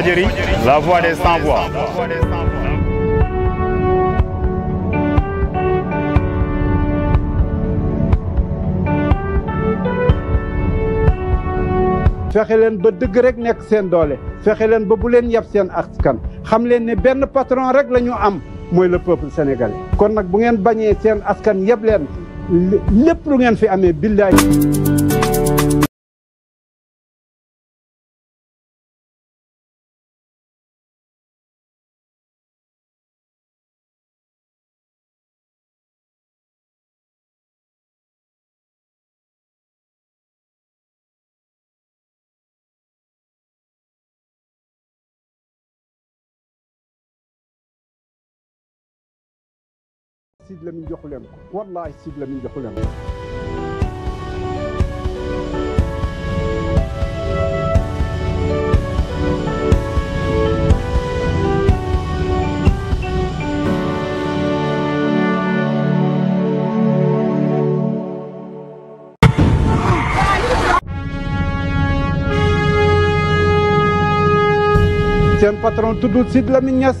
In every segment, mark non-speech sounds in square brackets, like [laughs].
Walfadjri la des sans fexe leen ba dëgg rek nekk seen doole fexe leen ba bu leen yap seen askan xam leen ne benn patron rek la am mooy le peuple sénégal kon nag bu ngeen bañee seen askan yëpp leen lépp lu ngeen fi amee billaay Sidy Lamine joxu leen ko wallaahi Sidy Lamine joxu leen ko seen patron tudd Sidy Lamine Niass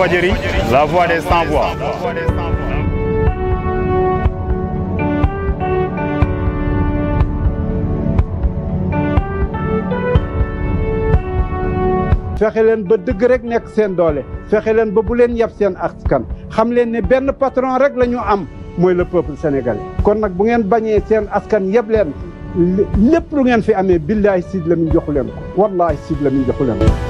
Walfadjri la voix des sans fexe leen ba dëgg rek nekk seen doole fexe leen ba bu leen yab seen askan xam leen ne benn patron rek la ñu am mooy le peuple sénégal kon nag bu ngeen bañee seen askan yëpp leen lépp lu ngeen fi amee billahi Sidy Lamine joxu leen ko wallahi Sidy Lamine joxu leen ko.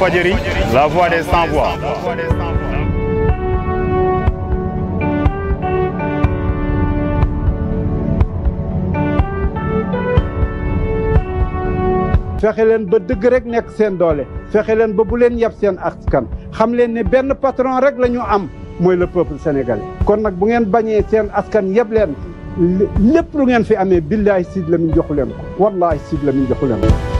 Walfadjri la voix des sans fexe leen ba dëgg rek nekk seen doole fexe leen ba bu leen yab seen askan xam leen ne benn patron rek la am mooy le peuple sénégal kon nag bu ngeen bañee seen askan yëpp leen lépp lu ngeen fi amee billahi Sidy Lamine joxu leen ko wallahi Sidy Lamine joxu leen ko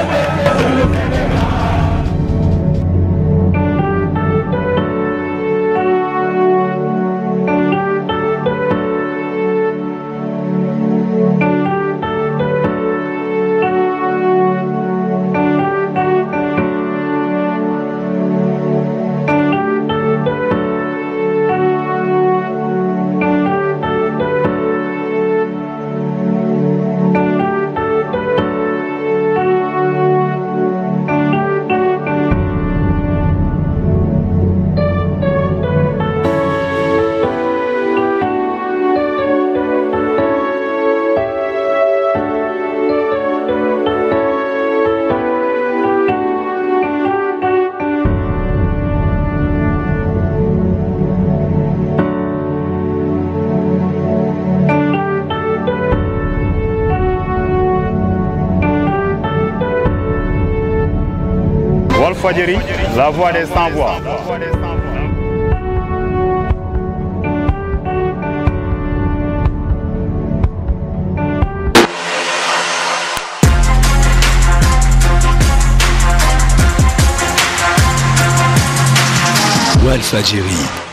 Walfadjri, la voix des sans-voix. Walfadjri.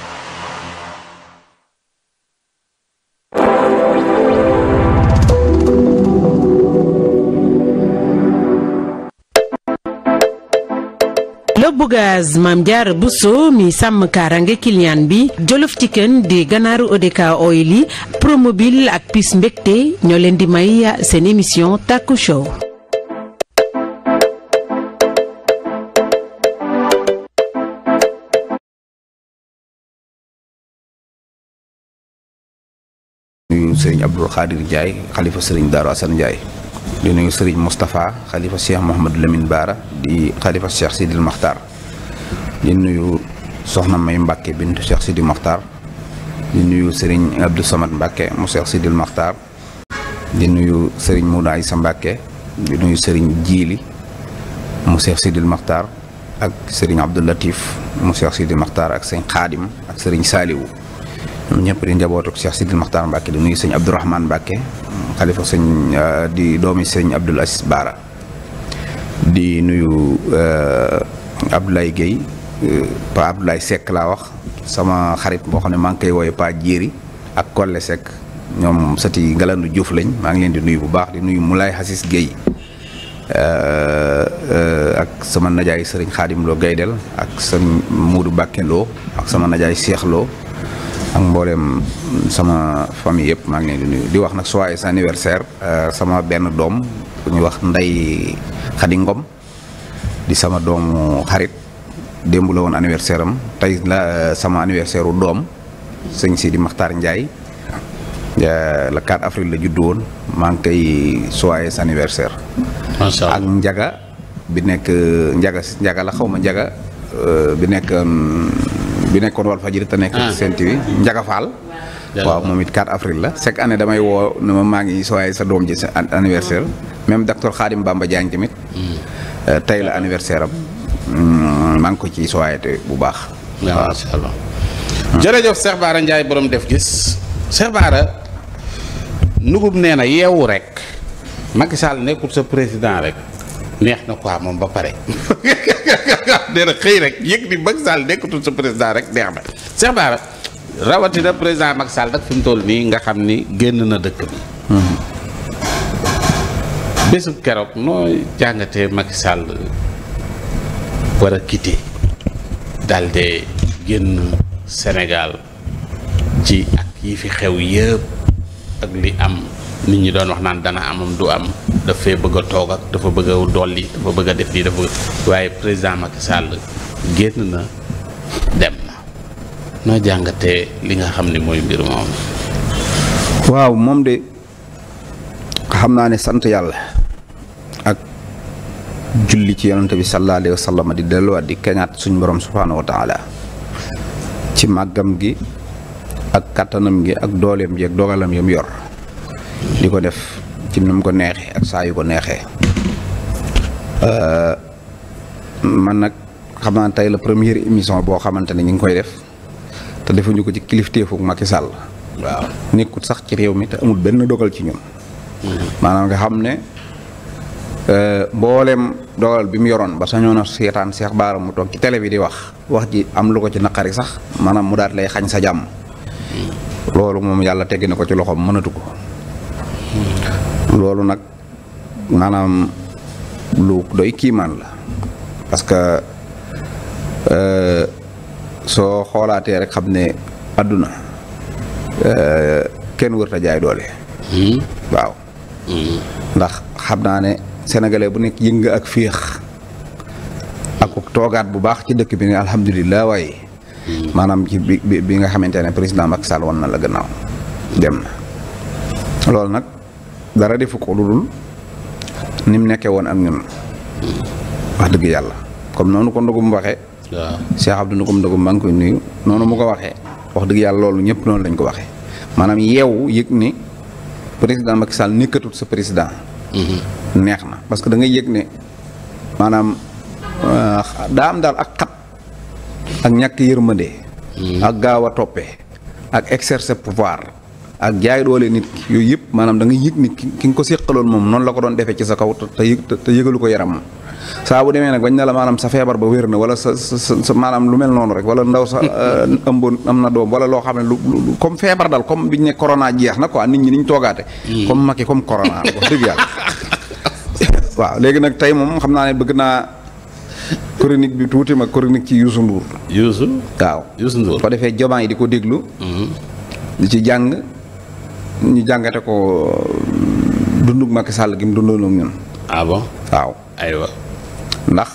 la Bougaz Mame Diarra Bousso mi sàmm kaarange client bi Jolof Chicken di ganaaru ODK Oil yi Promobil ak Pis Mbégte ñoo leen di may seen émission Taku Show. di nuyu sëriñ Moustapha xalifa cheikh Mouhamadou Lamine Baara di xalifa cheikh Sidil Maxtar di nuyu soxna May Mbacke bintu cheikh Sidil Maxtar di nuyu sëriñ Abdou Samad Mbacke mu cheikh Sidil Maxtar di nuyu sëriñ Mouda Issa Mbacke di nuyu sëriñ Jiili mu cheikh Sidil Maxtar ak sëriñ Abdou Latif mu cheikh Sidil Maxtar ak sëriñ Xaadim ak sëriñ Saaliwu ñoom ñëpp di njabootuk Cheikh Sidil Makhtar Mbacke di nuyu sëñ Abdourahmane Mbacke xalifa sëñ euh, di doomi sëñ Abdoul Aziz Baara di nuyu euh, Abdoulaye Guèye euh, Pa Abdoulaye Seck laa wax sama xarit boo xam ne maa ngi koy wooye Pa Jéeri ak Kolle Seck ñoom sati Galandu Diouf lañ maa ngi leen di nuyu bu baax di nuyu Moulay Hassis Guèye ak sama najaay Serigne Khadim Lo Gaydel ak sëñ Moudou Bakke Lo ak sama najaay Cheikh Lo ak mbooleem sama famille yëpp maa ngi leen di wax nag joyeux anniversaire euh, sama benn doom bu ñuy wax nday Xadi Ngom di sama doomu xarit démb la woon anniversaire am tey la euh, sama anniversaire doom sëñ Sidi Maxtaar Ndiaye euh, la 4 avril la juddu woon maa ngi koy joyeux anniversaire ak njaga bi nekk njaga njaga la xaw ma njaga bi nekk bi nekkoon Walfadjri te nekk ah. Sen TV Njaga Fall waaw moom it 4 avril la chaque année damay woo ne ma maa ngi sooy sa doom ji sa anniversaire même docteur Khadim Bamba Diagne tamit hmm. euh, tey la anniversaire am hmm, maa ngi ko ci sowaayete bu baax waaw incha allah hmm. jërëjëf Cheikh Bara Ndiaye borom def gis Cheikh Bara nugub nee na yeewu rek Macky Sall sa président rek neex na ko moom ba pare [laughs] nee na xëy rek yëg ni Macky Sall nekkatul sa président rek neex na Cheikh Bara rawatina président Macky Sall nag fi mu toll nii nga xam ni génn na dëkk bi hmm. bésu keroog noo jàngatee Macky Sall war a quitté daal génn Sénégal ci ak yi fi xew yëpp ak li am nit ñi doon wax naan dana amam du am daf bëgg toog ak dafa bëgg a dolli dafa bëgg a def lii dafa waaye président Macky sàll génn na dem na noo jàngatee li nga xam ne mooy mbir moom. waaw moom de xam naa ne sant yàlla ak julli ci yonante bi sallallahu alayhi wa di delluwaat di keñaat suñu borom subhaanahu wa taala ci màggam gi ak kàttanam gi ak dooleem gi ak dogalam yam yor. di ko def ci nu mu ko neexee ak saa yu ko neexee euh, man nag xam naa tey la première émission boo xamante ne ñu ngi koy def te defuñu ko ci kilifteefu Macky Sall. waaw nekkut sax ci réew mi te amul benn dogal ci ñun. maanaam nga xam ne euh, mboolem dogal bi mu yoroon ba sañoon a seetaan Cheikh Bara mu toog ci télé bi di wax. wax ji am lu ko ci naqari sax maanaam mu daat lay xañ sa jàmm. Hmm. loolu moom yàlla teggi na ko ci loxoom mënatu ko. loolu nag maanaam lu doy kiimaan la parce que euh, soo xoolaatee rek xam ne àdduna euh, kenn wërta jaay doole. Hmm. waaw. Hmm. ndax xam naa ne sénégalais bu nekk yënga ak féex ak toogaat bu baax ci dëkk bi ne alhamdulilah waaye. Hmm. maanaam ci bi bi nga xamante ne président Macky Sall na la gannaaw dem na loolu nag. dara defu ko lu dul ni mu nekkee woon am na wax dëgg yàlla kon noonu ko ndogum waxee. waaw Cheikh du ndogum ndogum maa ngi koy nuyu noonu mu ko waxee wax dëgg yàlla loolu ñëpp noonu lañ ko waxee maanaam yeewu yëg ni président Macky Sall nekkatut sa président. Mm-hmm. neex na parce que da ngay yëg ne maanaam euh, daa am daal ak xat ak ñàkk yërmande. Mm-hmm. ak gaaw a toppee. ak exercer pouvoir. ak jaay doole nit yooyu yëpp. maanaam da nga yëg ni ki nga ko séqaloon moom noonu la ko doon defee ci sa kaw te yëg yëgalu ko yaram saa bu demee nag bañ na la maanaam sa feebar ba wér na wala sa sa maanaam lu mel noonu rek wala ndaw sa [laughs] euh, ëmboon am na doom wala loo xam ne lu comme feebar dal comme biñ ne corona jeex na quoi nit ñi niñ toogaate hmm. comme makki comme corona wax dëgg yàlla [laughs] waaw léegi nag tey moom xam naa ne bëgg naa chronique bi tuuti ma chronique ci Youssou Ndour Youssou waaw Youssou Ndour ko defee jomaa yi di ko déglu hmm. ci jàng ñu jàngate ko euh, dundug Macky sàll gi mu dundoon ak ñun. ah bon waaw. aywa ndax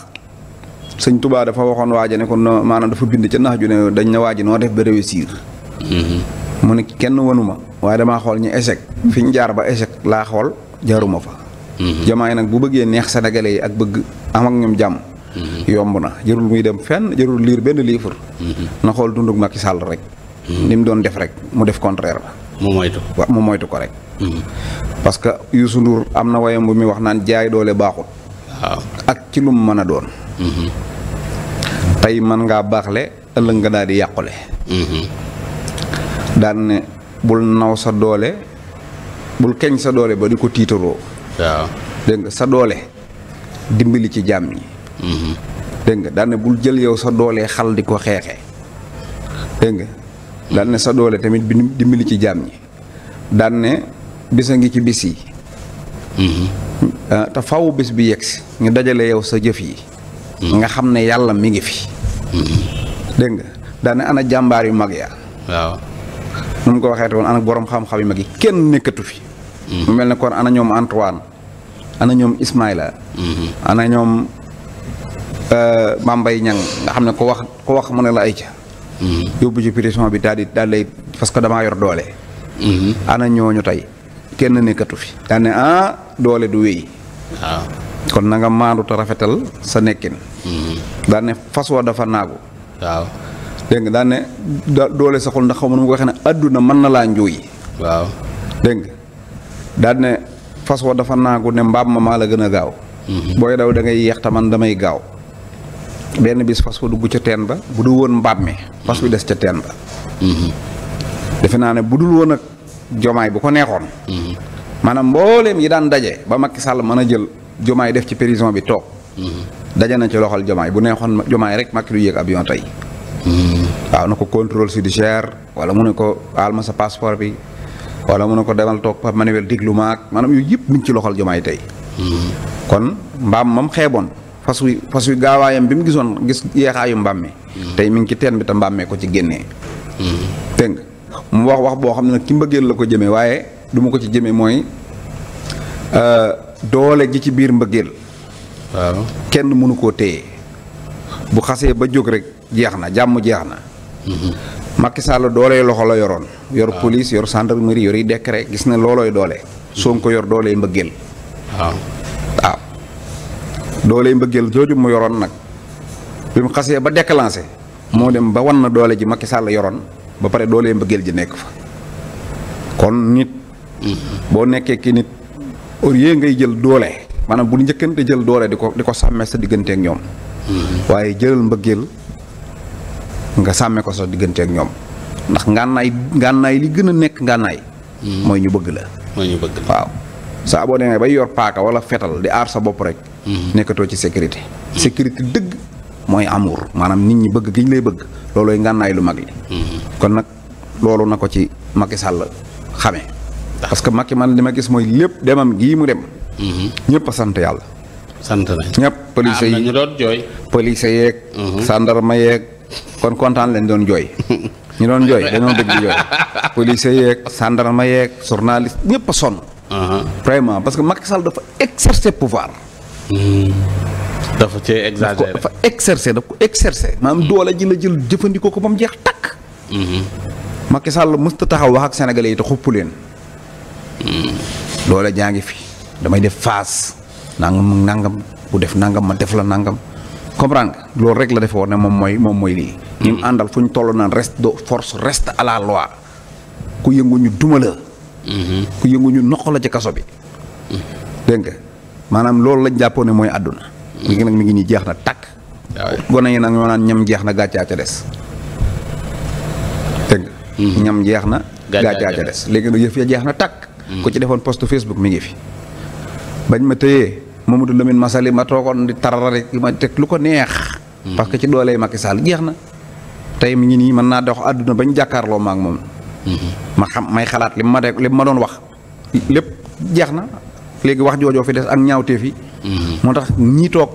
sëñ Touba dafa waxoon waaja maanaam dafa bind ca nax ju ne dañ na waaji noo def ba réussir. Mm-hmm. mu ne kenn wanuma waaye damaa xool ñu échec. fi ñu jaar ba échec laa xool jaaruma fa. Mm-hmm. jamaay nag bu bëggee neex sénégalais yi ak bëgg am ñoom jàmm. Mm-hmm. yomb na jarul muy dem fenn jarul liir benn livre. xool dundug Macky Sall rek. ni mu doon def rek mu def contraire ba. mu moytu ko rek. Mm-hmm. parce que Youssou am na wayam bu muy wax naan jaay doole baaxut. ak ci lu mën a doon. Mm-hmm. tey mën ngaa le ëllëg nga daal di yàqule. Mm-hmm. daan bul naw sa doole bul keñ sa doole ba di ko tiitaroo. waaw dégg nga sa doole dimbili ci jaam ñi. dégg nga daan bul jël yow sa doolee xal di ko xeexee dégg nga. daan sa doole tamit bi dimbali ci jaam ñi daan bis a ngi ci bis yi mm-hmm. ah, te faw bis bi yegsi ñu dajale yow sa jëf yi mm-hmm. nga xam ne yàlla mi ngi fi mm-hmm. dégg nga daan ne ana jàmbaar yu mag ya waaw mu ko waxeete woon ana boroom xam-xam yu mag yi kenn nekkatu fi mu mel ne kon ana ñoom Antoine ana ñoom Ismaïla ana ñoom euh, Mambay Ñang nga xam ne ko wax ko wax mu ne la ay ca yóbbu ci prison bi daal di daal lay parce que damaa yor doole. ana ñooñu tey kenn nekkatu fi. daal ne ah doole du wéy. kon na nga maandu rafetal sa nekkin. daal ne fas wa dafa naagu. waaw nga daal ne doole saxul ndax xaw ma nu ne adduna mën na laa njuuy. waaw nga daal ne dafa naagu ne mbaam ma maa la gën a gaaw. Mhm. booy daw da ngay yéex te man damay gaaw. benn bis fas wa dugg ca teen ba bu dul woon mbaam mi fas wi des ca teen ba mm-hmm. defe naa ne bu dul woon ak jomaay bu ko neexoon mm-hmm. maanaam mbooleem yi daan daje ba Macky Sall mën a jël jomaay def ci prison bi toog mm-hmm. daje na ci loxol jomaay bu neexoon jomaay rek Macky du yéeg avion tey waaw na ko contrôle judiciaire wala mu ne ko alma sa passeport bi wala mu ne ko demal toog Pape Manuel diglu maag maanaam yooyu yëpp mi ci loxol jomaay tey kon mbaam moom xeeboon fas wi fas wi gaawaayam bi mu gisoon gis yeexaayu mi mm-hmm. tey mi ngi ci teen bi te mbàmmee ko ci génnee mm-hmm. dégg mu wax wax boo xam ne nag ci mbëggeel la ko jëmee waaye du ma ko ci jëmee mooy euh, doole gi ci biir mbëggeel kenn mënu koo téye bu xasee ba jóg rek jeex na jàmm jeex na mm-hmm. Macky Sall doole loxo la yoroon yor police yor gendarmerie yor yi décret gis na loolooy doole soo ko yor doole mbëggeel dooley mbëggeel jooju mu yoroon nag bi mu xasee ba déclenché moo dem ba wan na doole ji Macky Sall yoroon ba pare dooley mbëggeel ji nekk fa kon nit boo nekkee ki nit au lieu ngay jël doole maanaam bu njëkkante jël doole di ko di ko sàmmee sa diggante ak ñoom waaye jëlal mbëggeel nga sàmme ko sa ak ñoom ndax ngànnaay ngànnaay li gën a nekk ngànnaay mooy ñu bëgg la bëgg waaw saa boo demee bay yor paaka wala fetal di aar sa bopp rek nekkatoo ci sécurité. sécurité dëgg mooy amour maanaam nit ñi bëgg giñ lay bëgg loolooy ngànnaay lu mag li. Mm-hmm. kon nag loolu na ko ci Macky Sall xamee. parce que Macky man li gis mooy lépp demam gii mu dem. Mm-hmm. ñëpp sant yàlla. sant nañ ñëpp police yi ñu doon jooy. police yeeg. sandarma mm-hmm. yeeg kon kontaan lañ doon jooy. [laughs] doon jooy dañoo dëgg jooy police yeeg sandarma ñëpp a sonn. Uh-huh. parce que Macky Sall dafa exercer pouvoir. dafa cee exagéré dafa daf ko exercer maanaam doole ji la jël jëfandikoo ko ba mu jeex takk. Mm-hmm. Macky Sall mësta taxaw wax ak sénégalais yi te xupp leen. Mm-hmm. doole jaa ngi fi damay def phase nangam nangam bu def nangam ma def la nangam comprendre nga loolu rek la defee woon ne moom mooy moom mooy lii. Mm-hmm. ñu mu àndal fu ñu toll naan reste de force reste à la ku yëngu ñu duma la. ku yëngu ñu noq la ci kaso bi dégg nga maanaam loolu lañ jàppoon ne mooy àdduna. mi mm. ngi nag mi ngi nii jeex na takk tàkk. gone yi nag ñoo naan ñam jeex na gàccaa ca des. dégg mm-hmm. ñam jeex na. gàccaa ca des léegi nag yëf ya jeex na tàkk. Mm. ko ci defoon post Facebook mu ngi fi. bañ ma tëyee Mamadou Lamine Massaly ma toogoon di tarare ma teg lu ko neex. Mm-hmm. parce que ci dooley Macky Sall jeex na. tey mi ngi nii mën naa dox àdduna bañ jàkkaarloo ma ak moom. Mm-hmm. ma xam may xalaat li ma de li ma doon wax lépp jeex na. léegi wax joojoo fi des ak ñaawtee yi. Mhm. moo tax ñii toog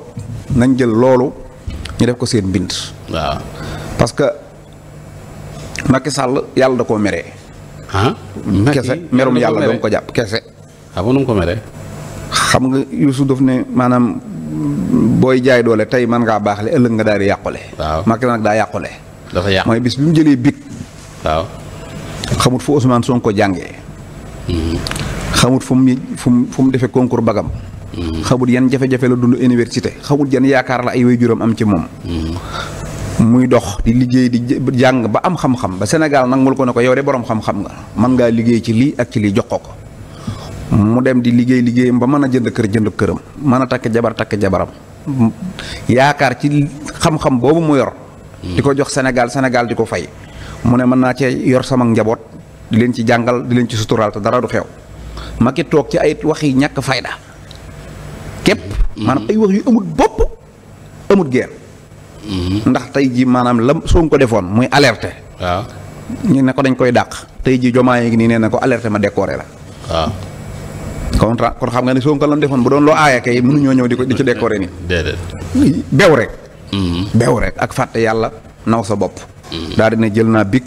nañ jël loolu ñu def ko seen mbind waaw parce que Macky Sall yàlla da koo meree. ah kese merum yàlla doon ko jàpp kese. xam ah, nga ko meree. xam nga Youssou daf ne maanaam booy jaay doole tey man ngaa baaxle ëllëg nga daal di yàqule. waaw Macky nag daa yàqule. dafa yàq mooy bis bi mu jëlee big. waaw xamut fu Ousmane Sonko jàngee. Mhm. xamut fu mu fu mu fu mu defee concours bagam. Mm. xamut yan jafe-jafe la dund université xamut yan yaakaar la ay juróom am ci moom. Mm. muy dox di liggéey di jàng ba am xam-xam ba Sénégal nangul ko ne ko yow de borom xam-xam nga mën ngaa liggéey ci lii ak ci lii jox ko ko mu dem di liggéey liggéeyam ba mën a jënd kër jënd këram mën a takk jabar takk jabaram yaakaar ci xam-xam boobu mu yor. Mm. di ko jox Sénégal Sénégal di ko fay mu ne mën naa cee yor sama njaboot di leen ci jàngal di leen ci suturaal dara du xew. ma ki toog ci ay wax yi ñàkk fayda képp maanaam ay wax yu amut bopp amut geer ndax tey ji maanaam la Sonko ko defoon muy alerté waaw ñu ne ko dañ koy dàq tey ji jomaa yi nii nee na ko alerté ma décoré la waaw kon xam nga ne Sonko lan defoon bu doon loo aaya kay mënuñoo ñëw di ko di ci décoré ni beew rek mm-hmm. beew rek ak fàtte yàlla naw sa bopp mm-hmm. daal dina jël naa big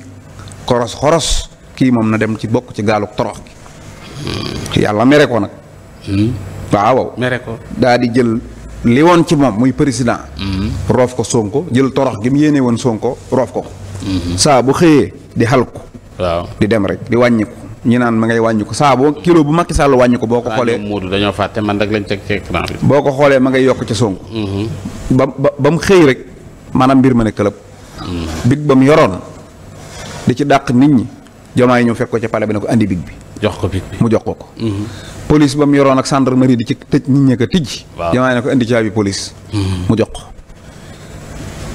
koros xoros kii moom na dem ci bokk ci gaaluk torox gi yàlla mere ko nag. Hmm? waaw mere ko daa di jël li woon ci moom muy président. Hmm? roof ko Sonko jël torox gi mu yéene woon Sonko roof ko. Hmm. saa bu xëyee di xal ko. waaw di dem rek di wàññi ko ñu naan ma ngay wàññi ko saa boo kilo bu Macky Sall wàññi ko boo ko xoolee Moodu dañoo fàtte man rek lañ teg ci bi boo ko xoolee ma ngay yokk ca Sonko ba ba mu xëy rek maanaam mbir ma ne këlëb big ba mu yoroon di ci dàq nit ñi jomaay ñëw fekk ko ca palais bi na ko andi big bi. jox ko bi mu jox ko ko. Mhm. police ba mu yoroon ak gendarmerie di ci tëj nit ñi ko tijji. waaw jomaay ne ko andi caabi police. Mhm. mu jox ko.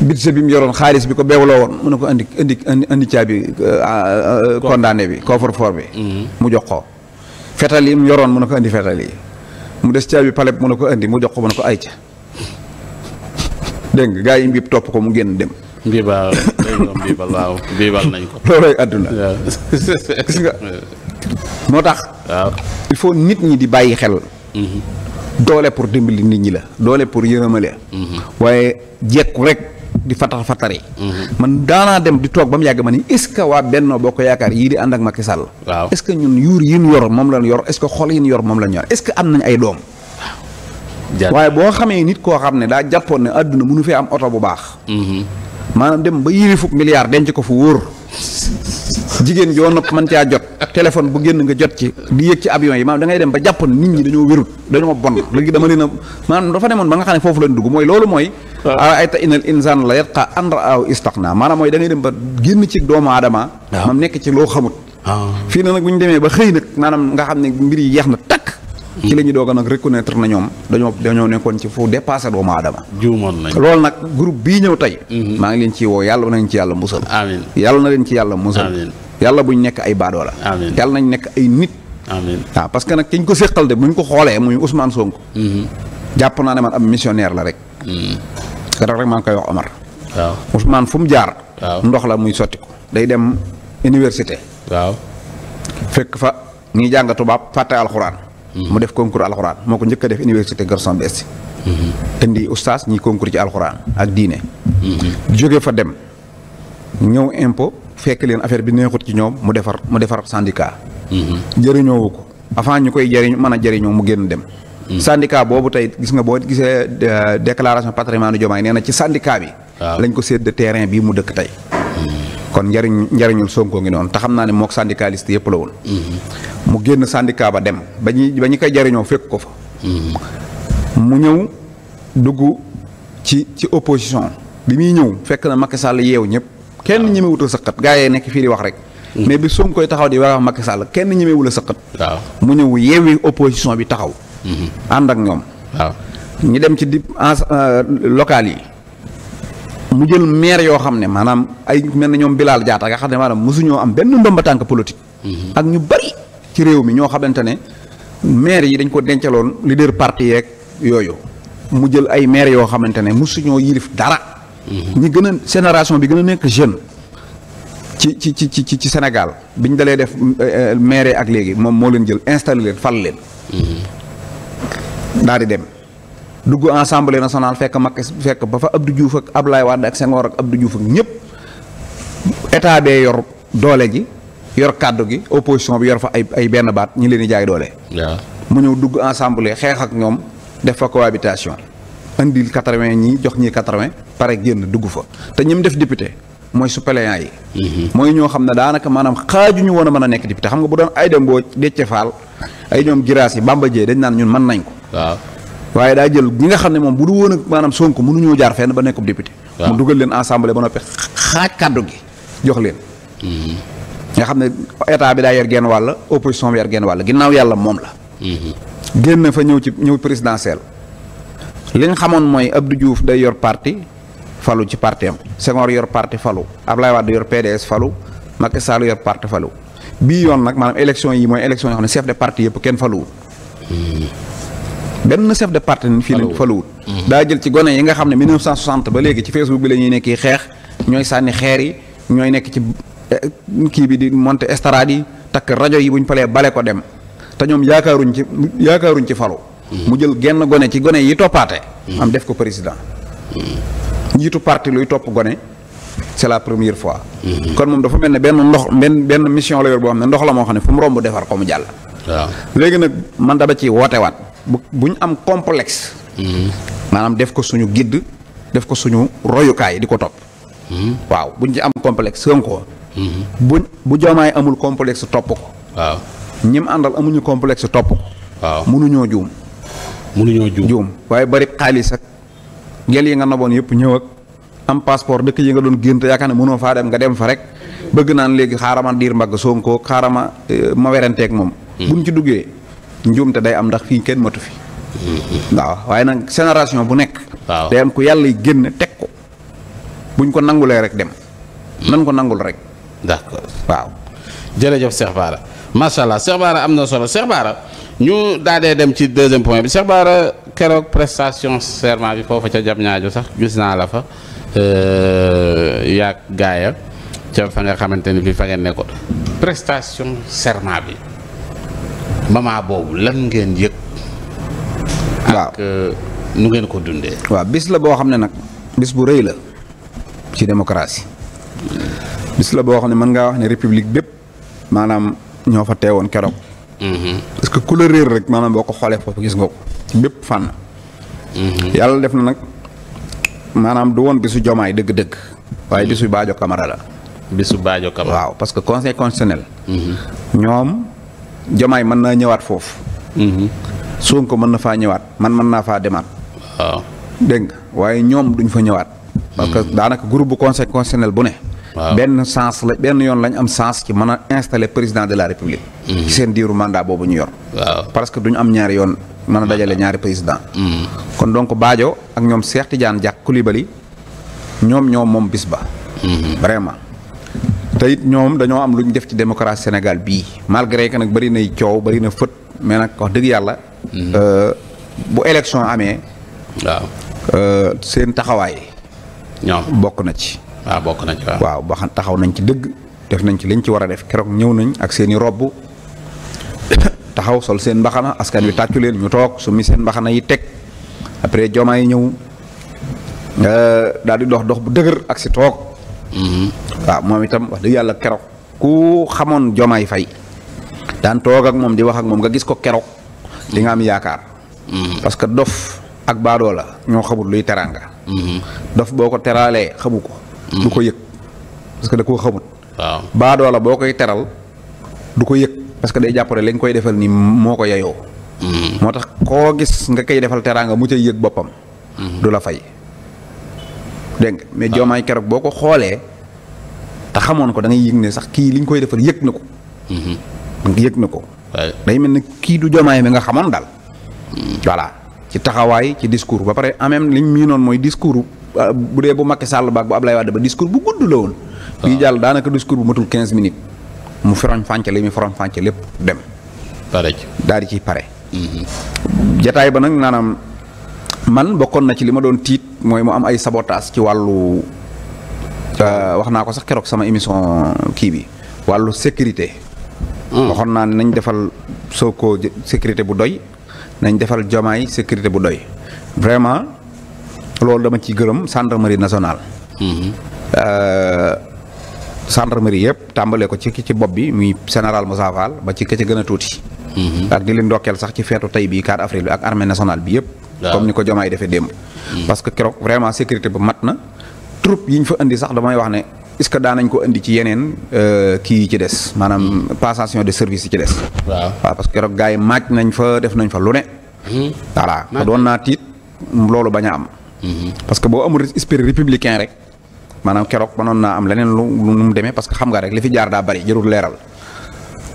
bi mu yoroon xaalis bi ko beewloo woon mu ne ko andi indi andi caabi. Euh, euh, condamné bi coffre-fort bi. Mhm. mu jox ko. fetal yi mu yoroon mu ne ko andi fetal yi. mu des caabi palais bi mu ne ko indi mu jox ko mu ne ko ay dégg nga gaa yi mbib topp ko mu génn dem. [laughs] nañ ko biibal nañ ko. àdduna. [laughs] moo tax. waaw il faut nit ñi di bàyyi xel. Mhm. doole pour dimbali nit ñi la doole pour yërëmale. Mhm. waaye jekku rek di fatar fatari. Mhm. man daanaa dem di toog ba mu yàgg ma ni est ce que waa Benno Bokk Yaakaar yii di ànd ak Macky Sall. waaw est ñun yuur yi ñu yor moom lañ yor est ce xol yi ñu yor moom lañ yor est ce que am nañ ay doom. waaye boo xamee nit koo xam ne daa jàppoon ne àdduna munu fee am oto bu baax. maanaam dem ba yilifub milliard denc ko fu wóor jigéen joo nopp mën caa jot ak téléphone bu génn nga jot ci di yëg ci avion yi maanaam da ngay dem ba jàpp nit ñi dañoo wérut dañoo bon léegi dama leen a maanaam dafa demoon ba nga xam ne foofu lañ dugg mooy loolu mooy ayta inal insaan la yatqa an raaw istaxna maanaam mooy da dem ba génn ci doomu aadama mam nekk ci loo xamut fii na nag bu ñu demee ba xëy nag maanaam nga xam ne mbir yi yeex na takk ci la ñu doog a nag reconnaître na ñoom dañoo dañoo nekkoon ci fu dépassé doomu aadama. juumoon nañ loolu nag groupe bii ñëw tey. Mhm. maa ngi leen ciy woo yàlla nañ ci yàlla musal. amiin yàlla na leen ci yàlla musal. amiin yàlla buñ nekk ay baadoola. amiin yàlla nañ nekk ay nit. amiin waaw parce que nag ki ñu ko séqal de bu ñu ko xoolee muy Ousmane Sonko. Mhm. jàpp naa ne man ab missionnaire la rek. Mhm. keroog rek maa ngi koy wax Omar. waaw Ousmane fu mu jaar. ndox la muy sotti ko day dem université. waaw fekk fa ñuy jàng tubaab fàtte alxuraan mu def concours alxuraan moo ko njëkk a def université Gaston Berger. indi ustaas ñi concours ci alxuraan ak diine. jóge fa dem ñëw impôt fekk leen affaire bi neexut ci ñoom mu defar mu defar syndicat. jëriñoowu ko avant ñu koy jëriñ mën a jëriñoo mu génn dem. sandika boobu tey gis nga boo gisee déclaration patrimoine Diomaye nee na ci syndicat bi. lañ ko sedd terrain bii mu dëkk tey. Hmm. kon njariñ njariñul Sonko ngi noonu te xam naa ne mook syndicaliste yëpp la woon. Hmm. mu génn syndicat ba dem ba ñuy ba ñu koy jariñoo fekk ko fa. mu ñëw dugg ci ci opposition bi muy ñëw fekk na Macky Sall yeew ñëpp. kenn ñemewut a sëqat gaa yee nekk fii di wax rek. Mm. mais bi Sonko koy taxaw di wax Macky Sall kenn ñemewul a sëqat. waaw mu ñëw yeewi opposition bi taxaw. Mm-hmm. ànd ak ñoom. ñu dem ci di euh, local yi. mu jël maire yoo xam ne maanaam ay mel na ñoom Bilal Diatta nga xam ne maanaam mosuñoo am benn ndomba tànk politique. Mm-hmm. ak ñu bari. ci réew mi ñoo xamante ne maire yi dañ ko dencaloon leader parti yeeg yooyu mu jël ay maire yoo xamante ne suñoo yilif dara. ñi gën a génération bi gën a nekk jeune. ci ci ci ci ci Sénégal bi ñu dalee def euh, maire ak léegi moom moo leen jël installé leen fal leen. daal di dem. dugg assemblée nationale fekk Macky fekk ba fa Abdou Diouf ak Abdoulaye Wade ak Senghor ak Abdou Diouf ak ñëpp état bee yor doole ji yor kàddu gi opposition bi yor fa ay ay benn baat ñi leen di jaay doole. mu ñëw dugg ensemble xeex ak ñoom def fa cohabitation indil quatre-vingt ñi jox ñi quatre-vingt pare génn dugg fa te ñi mu def député mooy suppléants yi. Mm-hmm. mooy ñoo xam ne daanaka maanaam xaaju ñu woon a mën a nekk député xam nga bu doon ay dem boo Déthié Fall ay ñoom giraas yi Bamba dañ naan ñun mën nañ ko. waaw waaye daa jël ñi nga xam ne moom bu du woon ak maanaam Sonko mënuñoo jaar fenn ba nekkub député. mu dugal leen ensemble ba noppi xaaj kàddu gi jox leen. Mm-hmm. nga xam ne état bi daay yer genn wàll opposition bi yer genn wàll ginnaaw yàlla moom la. Mhm. génn fa ñëw ci ñëw présidentielle. li nga xamoon mooy Abdou Diouf day yor parti falu ci parti am Senghor yor parti falu Ablaye Wade yor PDS falu Macky Sall yor parti falu bii yoon nag maanaam élection yi mooy élection yoo xam ne chef de parti yëpp kenn faluwul. Mhm. benn chef de parti fii lañ faluwul. Mhm. daa jël ci gone yi nga xam ne 1960 ba léegi ci Facebook bi la ñuy nekk xeex ñooy sànni xeer yi ñooy nekk ci. Eh, kii bi di monte estrade yi takk rajo yi bu ñu palee bale ko dem te ñoom yaakaaruñ ci yaakaaruñ ci falu. Hmm. mu jël genn gone ci gone yi toppaate. Hmm. am def ko président. Hmm. njiitu parti luy topp gone c'est la première fois. kon moom dafa mel ne benn ndox benn benn mission la yor boo xam ne ndox moo xam ne fu mu defar ko mu léegi nag man dama ci wootewaat bu bu ñu am complexe. maanaam def ko suñu guide def ko suñu royukaay di ko topp. waaw buñ ñu ci am complexe Sonko bu bu joomaay amul complexe topp ko. waaw ñim àndal amuñu complexe topp ko. waaw mënuñoo juum. mënuñoo juum waaye bari xaalis ak gel yi nga naboon yëpp ñëw ak am passeport dëkk yi nga doon génn te yaakaar ne mënoo faa dem nga dem fa rek bëgg naan léegi xaarama diir mbagg Sonko xaarama eh, ma weranteeg moom. Hmm. buñ ci duggee njuum te day am ndax fii kenn matu fi. Hmm. waaw waaye nag génération bu nekk. day am ku yàlla génn teg ko buñ ko nangulee rek dem. Hmm. nan ko nangul rek. d'accord waaw jërëjëf Cheikh Bara macha allah Cheikh am na solo Cheikh Bara ñu daa dem ci deuxième point bi Cheikh Bara keroog prestation serment bi foofu ca jam ñaajo sax gis naa la fa euh, yaag gaaya ca fa nga xamante ni bi fa ngeen ne ko prestation serment bi moment boobu lan ngeen yëg ak euh, nu ngeen ko dundee waa bis la boo xam ne nag bis bu rëy la ci démocratie bis la boo xam ne mën ngaa wax ne république bépp maanaam ñoo fa tey woon keroog. Mm-hmm. parce que ku la réer rek maanaam boo ko xoolee foofu gis nga ko bépp fànn. Mm-hmm. yàlla def na nag maanaam du woon bisu jomaay dëgg-dëgg. waaye mm-hmm. bisu baajo kamara la. bisu baajo kamara waaw parce que conseil constitutionnel. ñoom jomaay mën naa ñëwaat foofu. ko mën na faa ñëwaat man mën naa faa demaat. dégg nga waaye ñoom duñ fa ñëwaat. parce que daanaka groupe bu conseil bu ne. benn sens la benn yoon lañ am sens ci mën a installer président de la république. Mhm. ci seen diiru mandat boobu ñu yor. parce que duñu am ñaari yoon mën a dajale ñaari président. Mhm. kon donc Badio ak ñoom Cheikh Tidiane Diack Coulibaly ñoom ñoom moom bis ba. Mhm. vraiment te it ñoom dañoo am lu ñu def ci démocratie Sénégal bii malgré que nag bëri nay coow bëri na fët mais nag wax dëgg yàlla. Euh, bu élection amee. waaw euh, seen taxawaay. ñoom bokk na ci. Ah, waaw bokk nañ waaw ba xam taxaw nañ ci dëgg def nañ ci liñ ci war a def keroog ñëw nañ ak seeni i robb [coughs] taxaw sol seen mbaxana askan wi tàccu leen ñu toog su mi seen mbaxana yi teg après jomaa yi ñëw daal di dox dox bu dëgër ak si toog. Mm-hmm. waaw moom itam wax dëgg yàlla keroog ku xamoon yi fay daan toog ak moom di wax ak moom nga gis ko keroog di nga am yaakaar. Mm-hmm. parce que dof ak baadoo la ñoo xamul luy teraanga. Mm-hmm. dof boo ko teraalee xamu ko. du ko yëg parce que da koo xamut. waaw baadoola boo koy teral du ko yëg parce que day jàppale lañ koy defal nii moo ko yayoo. Mm-hmm. moo tax koo gis nga koy defal teraanga mu cay yëg boppam. Mm-hmm. du la fay. dégg nga mais joomaay ah. keroog boo ko xoolee te xamoon ko da ngay yëg ne sax kii liñ koy defal yëg na ko. Mm-hmm. donc yëg na ko. day mel ne kii du joomaay mi nga xamoon daal. voilà ci taxawaay ci discours ba pare en même liñ miinoon mooy discours. bu dee bu Macky Sall baag bu Ablaye Wade ba discours bu gudd la woon. waaw ah. bii jàll daanaka discours bu matul 15 minutes mu faram fànce li muy faram fànce lépp dem. pare daal di ciy pare. Mhm. jataay ba nag naanaam man bokkoon na ci li ma doon tiit mooy mu am ay sabotage ci wàllu euh, wax naa ko sax keroog sama émission kii bi wàllu sécurité. Hmm. waxoon naa ne nañ defal ko sécurité bu doy nañ defal Diomaye sécurité bu doy loolu dama ci gërëm gendarmerie nationale. Mhm. Euh, gendarmerie yëpp tàmbale ko ci ci bopp bi muy général Moussa Fall ba ci ka ca gën a tuuti. Mhm. ak di leen ndokkeel sax ci feetu tey bii 4 avril bi ak armée nationale bi yëpp. comme ni ko Jomaay defee démb. Mhm. parce que keroog vraiment sécurité ba mat na troupe yi ñu fa indi sax damay wax ne est-ce que daan nañ ko indi ci yeneen euh, kii yi ci des maanaam passation de service yi ci des. waaw waaw parce que keroog gars yi màcc nañ fa def nañ fa lu ne. voilà doon naa loolu bañ am. parce que boo amul esprit républicain rek maanaam keroog mënoon naa am leneen lu lu mu demee parce que xam nga rek li fi jaar daa bari jërul leeral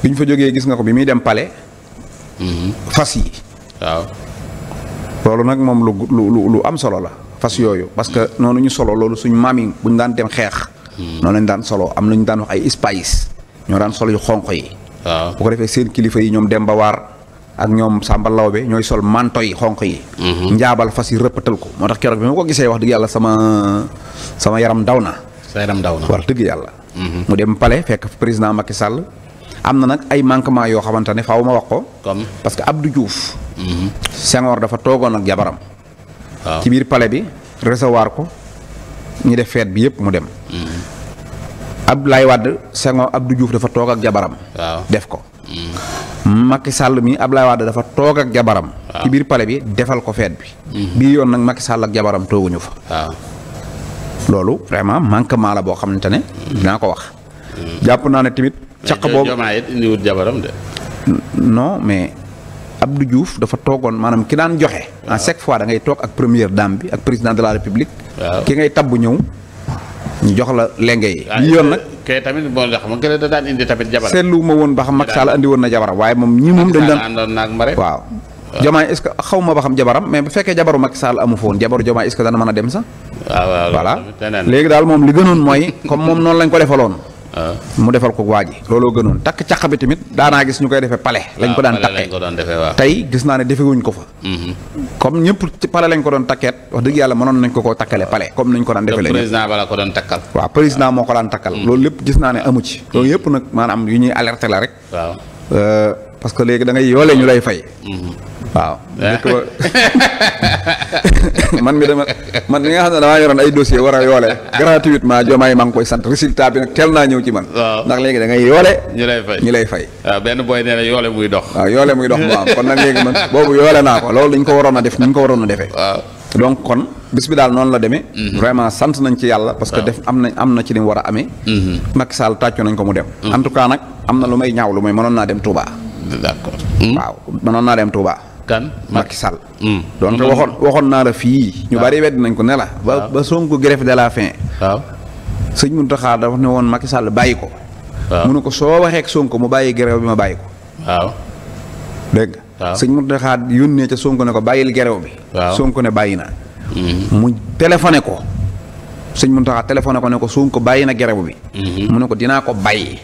bi ñu fa jógee gis nga ko bi muy dem pale fas yi. waaw loolu nag moom lu lu lu am solo la fas yooyu parce que noonu ñu solo loolu suñ maam yi bu ñu daan dem xeex. noonu lañ daan solo am nañu daan wax ay spice ñoo daan solo yu xonq yi. waaw bu ko defee seen kilifa yi ñoom dem ba waar ak ñoom Samba Lawbe ñooy sol manto yi xonq yi. Mhm. njaabal fas yi rëppatal ko moo tax keroog bi ma ko gisee wax dëgg yàlla sama sama yaram ndaw na. sa yaram daw na dëgg yàlla. Mhm. mu dem pale fekk président Macky sàll am na nag ay manquement yoo xamante ne faaw ma wax ko. comme parce que Abdou Diouf. Mhm. Senghor dafa toogoon ak jabaram. ci biir pale bi recevoir ko ñu def feet bi yëpp mu dem. ab Abdoulaye Wade Senghor Abdou juuf dafa toog ak jabaram. def ko. Macky sàll mi Ablaye Wade dafa toog ak jabaram. ci biir pale bi defal ko feet bi. Mhm. bii yoon nag Macky sàll ak jabaram tooguñu fa. waaw loolu vraiment manquement la boo xamante ne. Mhm. dinaa ko wax. Mhm. jàpp naa ne tamit. caq boobu indiwut jabaram de. non mais Abdou Diouf dafa toogoon maanaam ki daan joxe. en chaque fois da ngay toog ak première dame bi ak président de la république. ki ngay tabbu ñëw ñu jox la lenge yi. yoon nag. kee tamit boo woon ba xam Macky Sall andi na jabar waaye moom ñi moom dañ daan waaw Jomaay est xaw ma ba xam jabaram mais bu fekkee jabaru Macky Sall amu foon jabaru Jomaay est dana mën a dem sax voilà léegi daal moom li mooy comme moom noonu lañ ko defaloon mu defal ko waa looloo gënoon takk caq bi tamit daanaa gis ñu koy defee pale lañ ko daan ah, takkee tey gis naa ne defewuñ ko fa mhm. comme ñëpp ci pale lañ ko doon takkeet wax dëgg yàlla mënoon nañ ko koo takkale pale comme nañ ko daan defee président bala ko doon takkal waaw président ah. moo ko daan takkal mm. loolu lépp gis naa ne amu ci loolu mm. yëpp nag maanaam yu ñuy alerté la rek parce que léegi da yoole ñu lay fay. Mm-hmm. waaw. Eh. [laughs] man mi dama man mi nga xam ne damaa yoroon ay dossier war a yoole gratuitement jomaay maa ngi koy sant résultat bi nag teel naa ñëw ci man. waaw ndax léegi da yoole. ñu lay fay ñu lay fay. waaw ah, benn boy nee ah, yoole muy dox. waaw yoole muy dox mu kon nag léegi man boobu yoole naa ko loolu dañ ko waroon a def ni ñu ko waroon a defee. waaw donc kon bis bi daal noonu la demee. Mm-hmm. vraiment sant nañ ci yàlla. parce que def am nañ am na ci li war a amee. Mm-hmm. Macky Sall tàccu nañ ko mu dem. en tout cas nag am na lu may ñaaw lu may mënoon naa dem d'accord. Hmm? waaw mënoon naa dem Touba. kan Macky Sall. Hmm. donte waxoon naa la fii. ñu bari wedd nañ ko ne la. ba ba Sonko grève de la faim. waaw sëñ dafa ne woon Macky Sall bàyyi ko. waaw mu ne ko soo waxee ak mu bàyyi grève bàyyi ko. waaw. dégg nga. waaw sëñ yónnee ca Sonko ne ko bàyyil grève bi. waaw Sonko ne bàyyi na. Hmm. mu téléphoné ko. sëñ Mountakha téléphoné ko ne ko Sonko bàyyi na grève bi. mu ko dinaa ko bàyyi.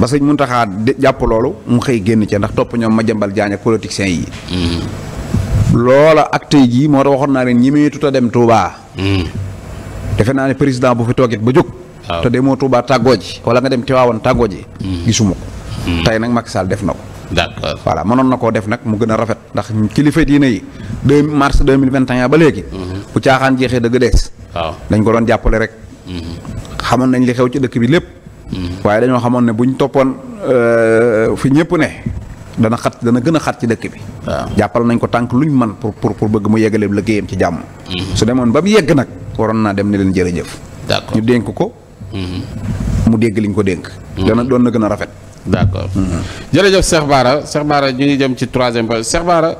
ba mun Muntaxa jàpp loolu mu xëy génn ca ndax topp ñoom ma jëmbal jaañ ak politiciens yi. Mm-hmm. loola ak tey jii moo tax waxoon naa leen ñi muy tuta dem Touba. Mm-hmm. defe naa ne président bu fi toogit ba jóg. te demoo Touba tàggoo ji. wala nga dem Tiwaawan tàggoo ji. Mm-hmm. gisuma ko. tey nag Macky Sall def na ko. d'accord voilà mënoon na koo def nag mu gën a rafet ndax kilifa diine yi 2 mars 2021 ba léegi. bu caaxaan jeexee dëgg dees. waaw dañ ko doon jàppale rek. xamoon nañ li xew ci dëkk bi lépp. Mm-hmm. waaye dañoo xamoon ne buñ toppoon euh, fi ñëpp ne dana xat dana gën a xat ci dëkk bi. waaw jàppal nañ ko tànk luñ man pour pour pour bëgg mu yeggale liggéeyam ci jàmm. Mm-hmm. su demoon ba mu yegg nag waroon naa dem ni leen jërëjëf. d'accord ñu dénk ko. Mm-hmm. mu dégg liñ ko dénk. dana doon na gën a rafet. d'accord jërëjëf Cheikh Bara Cheikh Bara ñu ngi jëm ci troisième point Cheikh Bara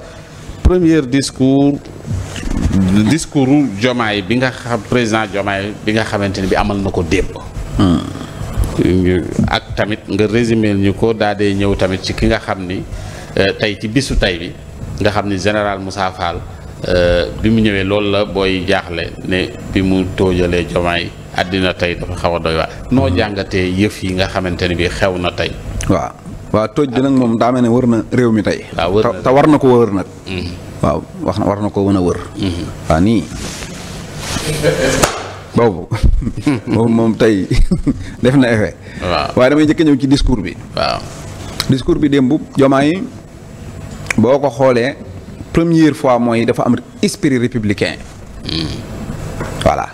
premier discours. discours jomaay bi nga xam président Diomaye bi nga xamante ne bi amal na ko démb. Mm. ak tamit nga résumé ñu ko daa dee ñëw tamit ci ki nga xam ni euh, tey ci bisu tey bi nga xam ni général Moussa Fall euh, bi mu ñëwee loolu la booy jaaxle ne bi mu toojalee jomaay àddina tey dafa xaw a doy waar noo hmm. jàngatee yëf yi nga xamante ne bi xew na tey. waaw waaw tooj bi moom daa mel ne wër na réew mi tey. te war na ko wër nag. Hmm. waaw wax na war na ko mën a wër. Hmm. waaw nii. [laughs] boobu moom tey [laughs] def na effet. waaw waaye damay njëkk ñëw ci discours bi. waaw discours bi démb Diomaye boo ko xoolee première fois mooy dafa am esprit républicain. Mm-hmm. voilà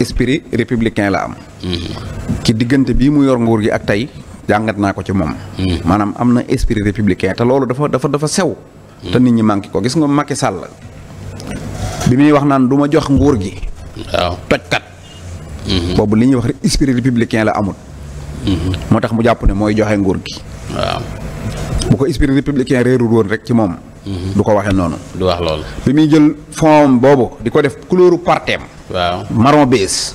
esprit républicain la am. ci mm-hmm. diggante bi mu yor nguur gi ak tey jàngat naa ko ci moom. Mm-hmm. maanaam am na esprit républicain te loolu dafa dafa dafa sew. te nit ñi manqué ko gis nga Macky Sall bi muy wax naan du ma jox nguur gi. tojkat. Mhm. boobu li ñuy wax esprit républicain la amul. Mhm. moo tax mu jàpp ne mooy joxe nguur gi. waaw bu ko esprit républicain réerul woon rek ci moom. Mhm. du ko waxee noonu. du wax loolu. bi muy jël fond boobu di ko def couleur partem. maro marron beige.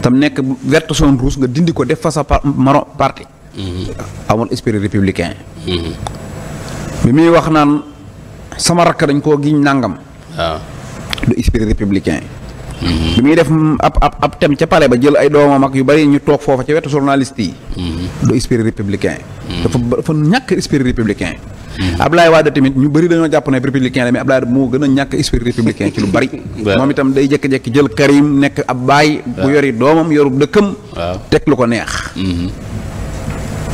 tam nekk verte jaune rouge nga dindi ko def fa sa marron parti. amul esprit républicain. bi muy wax naan sama rakk dañ koo giñ nangam. waaw du esprit républicain. Mm-hmm. bi muy def ab ab tem ca pale ba jël ay doomam ak yu bari ñu toog foofa ca wetu journaliste yi. Mm-hmm. du esprit républicain. Mm-hmm. dafa dafa ñàkk esprit républicain. Ablaye Wade tamit ñu bari dañoo jàpp ne républicain la mais Ablaye moo gën a ñàkk esprit républicain ci lu bari. [laughs] moom itam day jékki-jékki jël Karim nekk ab baay. bu yori doomam yoru dëkkam. teg lu ko neex.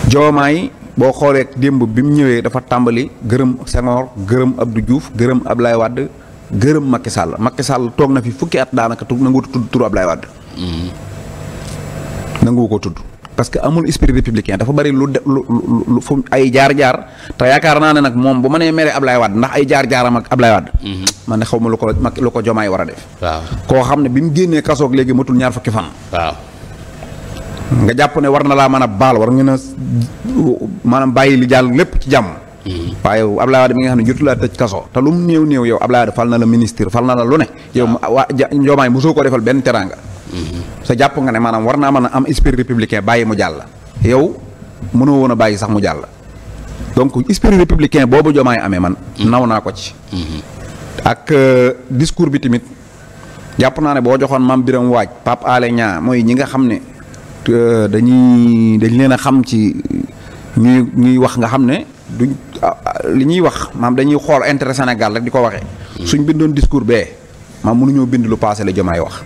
joomaay boo xoolee démb bi mu ñëwee dafa tàmbali gërëm Senghor gërëm Abdou juuf gërëm Ablaye Wade. gërëm Macky Sall Macky Sall toog na fi fukki at daanaka nangu ko tudd turu Abdoulaye mm-hmm. nangu ko tudd. parce que amul esprit républicain dafa bari lu de lu lu fu ay jaar-jaar te yaakaar naa ne nag moom bu ma nee ab Ablaye Wade ndax ay jaar-jaaram ak Ablaye Wade. Mm-hmm. man ne xaw ma lu ko mag lu ko jomaay war a def. koo xam ne bi mu génnee kasook léegi matul ñaar fukki fan. waaw. nga jàpp ne war na laa mën a baal war ngeen a maanaam bàyyi li jàll lépp ci jàmm. waaye Abdoulaye Wade mi nga xam ne jotu laa tëj kaso te lu mu néew néew yow Abdoulaye Wade fal na la ministre fal na la lu ne yow ah. waa Diomaye mosoo ko defal benn teraanga mm-hmm. sa jàpp nga ne maanaam war naa mën a am esprit républicain bàyyi mu jàll yow mënoo woon a bàyyi sax mu jàll donc esprit républicain boobu Diomaye amee man mm-hmm. naw naa ko ci mm-hmm. ak euh, discours bi tamit jàpp naa ne boo joxoon maam Birame Waaj Pape Alé ñaa mooy ñi nga xam ne euh, dañuy dañ leen a xam ci ñuy wax nga xam ne duñ li ñuy wax maam dañuy xool intérêt Sénégal rek di ko waxee. suñ bindoon discours bee maam mënuñoo bind lu paase la Diomaye wax.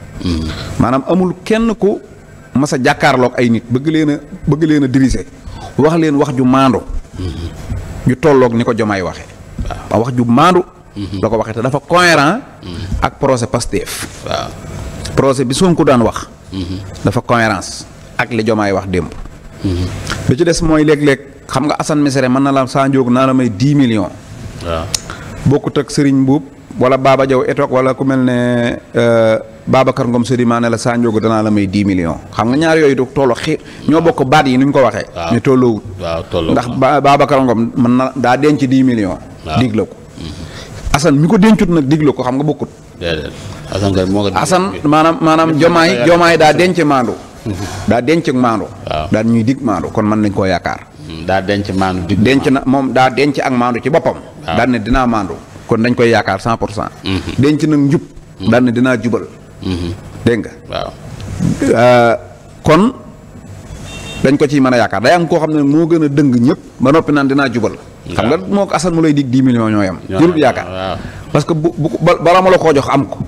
maanaam amul kenn ku mas a jàkkaarloog ay nit bëgg leen a bëgg leen a diriger wax leen wax ju maandu. ju tollook ni ko jomaay waxee. waaw wax ju maandu. la ko waxee te dafa cohérent ak projet Pastef. waaw projet bi ko daan wax. Mhm. dafa cohérence ak li Diomaye wax démb. Mhm. bi ci des mooy léeg-léeg. xam nga Assane Mesere mën na la saa njóog naa la may 10 millions. bokkut ak sëriñ Mbuub wala Baba Jaw etoog wala ku mel ne euh, Babacar Ngom Sedima ne la saa njóog danaa la may 10 millions xam nga ñaar yooyu du tolloo xi ñoo bokk baat yi ni ñu ko waxee. ñu tolloowut. waaw ndax Babacar mën na daa denc 10 millions. waaw ko. Mm-hmm. Assane mi ko dencut nag digla ko xam nga bokkut. déedéet Assane maanaam maanaam jomaay jomaay daa denc maandu. [laughs] daa denc maandu. waaw daa ñuy dig maandu kon mën nañ koo yaakaar. daa denc maandu. denc na moom daa denc ak maandu ci boppam. waaw daan ne dinaa maandu. kon dañ koy yaakaar cent pour cent. Mhm. denc nag njub. Mhm. daan ne dinaa jubal. Mhm. dégg nga. waaw euh, kon dañ ko ci mën a yaakaar day am koo xam ne moo gën a dëng ñëpp ba noppi naan dinaa jubal. xam nga moo ko Assane mu lay dig dix millions ñooy am. jurut yaakaar. parce bu bu balaa ma la koo jox am ko.